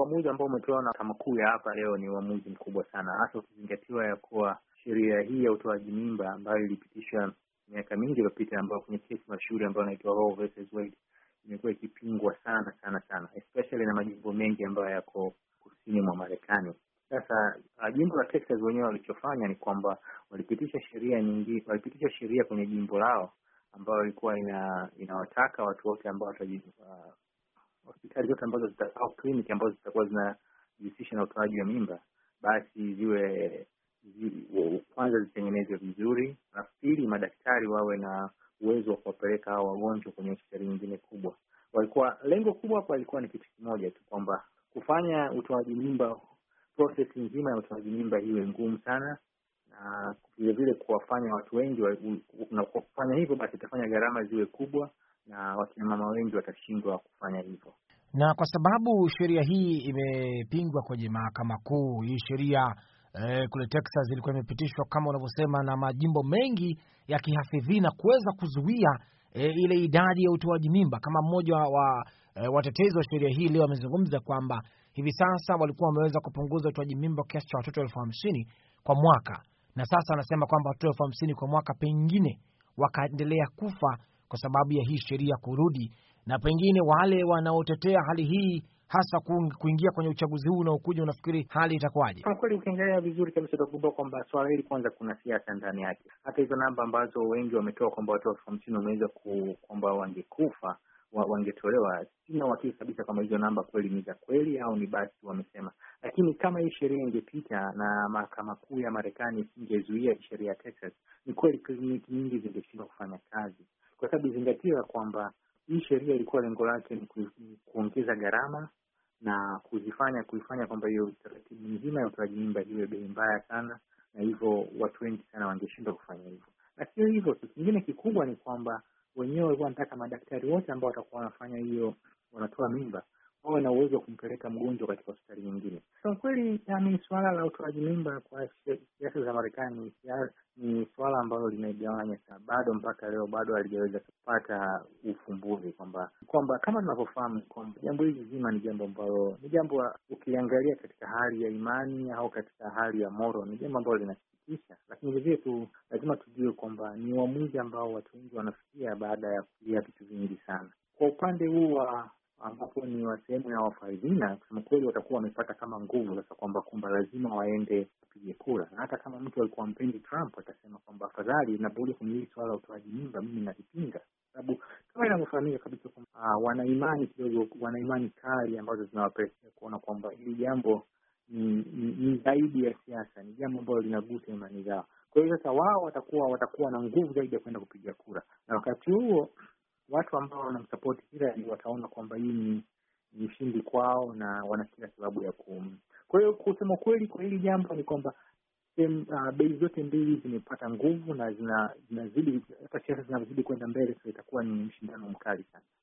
uamuzi ambao umetolewa na mahakama kuu ya hapa leo ni uamuzi mkubwa sana, hasa ukizingatiwa ya kuwa sheria hii ya utoaji mimba ambayo ilipitishwa miaka mingi iliyopita, ambayo kwenye kesi mashuhuri ambayo inaitwa Roe versus Wade imekuwa ikipingwa sana sana sana, especially na majimbo mengi ambayo yako kusini mwa Marekani. Sasa ah, jimbo la Texas wenyewe walichofanya ni kwamba walipitisha sheria nyingi, walipitisha sheria kwenye jimbo lao ambayo ilikuwa ina- inawataka watu wote ambao ah, hospitali zote ambazo zita, au kliniki ambazo zitakuwa zinajihusisha na utoaji wa mimba, basi ziwe zi, kwanza zitengenezwe vizuri, na pili madaktari wawe na uwezo wa kuwapeleka hao wagonjwa kwenye hospitali nyingine kubwa. Walikuwa lengo kubwa hapa alikuwa ni kitu kimoja tu, kwamba kufanya utoaji mimba, proses nzima ya utoaji mimba iwe ngumu sana, na vilevile kuwafanya watu wengi na kufanya hivyo, basi itafanya gharama ziwe kubwa na wakinamama wengi watashindwa kufanya hivyo. Na kwa sababu sheria hii imepingwa kwenye mahakama kuu, hii sheria eh, kule Texas ilikuwa imepitishwa kama unavyosema na majimbo mengi ya kihafidhi na kuweza kuzuia eh, ile idadi ya utoaji mimba, kama mmoja wa eh, watetezi wa sheria hii leo amezungumza kwamba hivi sasa walikuwa wameweza kupunguza utoaji mimba kiasi cha watoto elfu hamsini kwa mwaka, na sasa wanasema kwamba watoto elfu hamsini kwa mwaka pengine wakaendelea kufa kwa sababu ya hii sheria kurudi, na pengine wale wanaotetea hali hii hasa kuingia kwenye uchaguzi huu unaokuja, unafikiri hali itakuwaje? Kwa kweli, ukiangalia vizuri kabisa utagundua kwamba swala hili kwanza, kuna siasa ndani yake. Hata hizo namba ambazo wengi wametoa kwamba watu elfu hamsini wameweza kwamba wangekufa wangetolewa, sina uhakika kabisa kama hizo namba kweli ni za kweli au ni basi wamesema. Lakini kama hii sheria ingepita na mahakama kuu ya Marekani isingezuia sheria ya Texas, ni kweli kliniki nyingi zingeshindwa kufanya kazi kwa sababu izingatiwa kwamba hii sheria ilikuwa lengo lake ni kuongeza gharama na kuzifanya kuifanya kwamba hiyo taratibu nzima ya utoaji mimba iwe bei mbaya sana, na hivyo watu wengi sana wangeshindwa kufanya hivyo. Na sio hivyo tu, kingine kikubwa ni kwamba wenyewe walikuwa wanataka madaktari wote ambao watakuwa wanafanya hiyo, wanatoa mimba wawe na uwezo wa kumpeleka mgonjwa katika hospitali nyingine. Kwa kweli, yani suala la utoaji mimba kwa siasa za Marekani, ni suala ambalo limegawanya sana, bado mpaka leo bado halijaweza kupata ufumbuzi, kwamba kwamba kama tunavyofahamu kwamba jambo hili zima ni jambo ambalo ni jambo ukiangalia katika hali ya imani au katika hali ya moro, ni jambo ambalo linasikitisha, lakini vilevile tu lazima tujue kwamba ni uamuzi ambao watu wengi wanafikia baada ya kulia vitu vingi sana. Kwa upande huu wa ambapo ni wa sehemu ya wafaidhina kusema kweli, watakuwa wamepata kama nguvu sasa, kwamba kumba lazima waende wapige kura. Na hata kama mtu alikuwa mpendi Trump atasema kwamba afadhali napokuja kwenye hili swala la utoaji mimba, mimi nalipinga, sababu kama inavyofahamika kabisa kwamba ah, wanaimani kidogo, wanaimani kali ambazo zinawapelekea kuona kwamba hili jambo ni zaidi ya siasa, ni jambo ambalo linagusa imani zao. Kwa hiyo sasa wao watakuwa watakuwa na nguvu zaidi ya kwenda kupiga kura, na wakati huo watu ambao wanamsapoti Hillary wataona kwamba hii ni ni ushindi kwao na wana kila sababu ya kum Kwa hiyo kusema kweli, kwa hili jambo ni kwamba uh, bei zote mbili zimepata nguvu na zinazidi, hata siasa zinavyozidi kwenda mbele, so itakuwa ni mshindano mkali sana.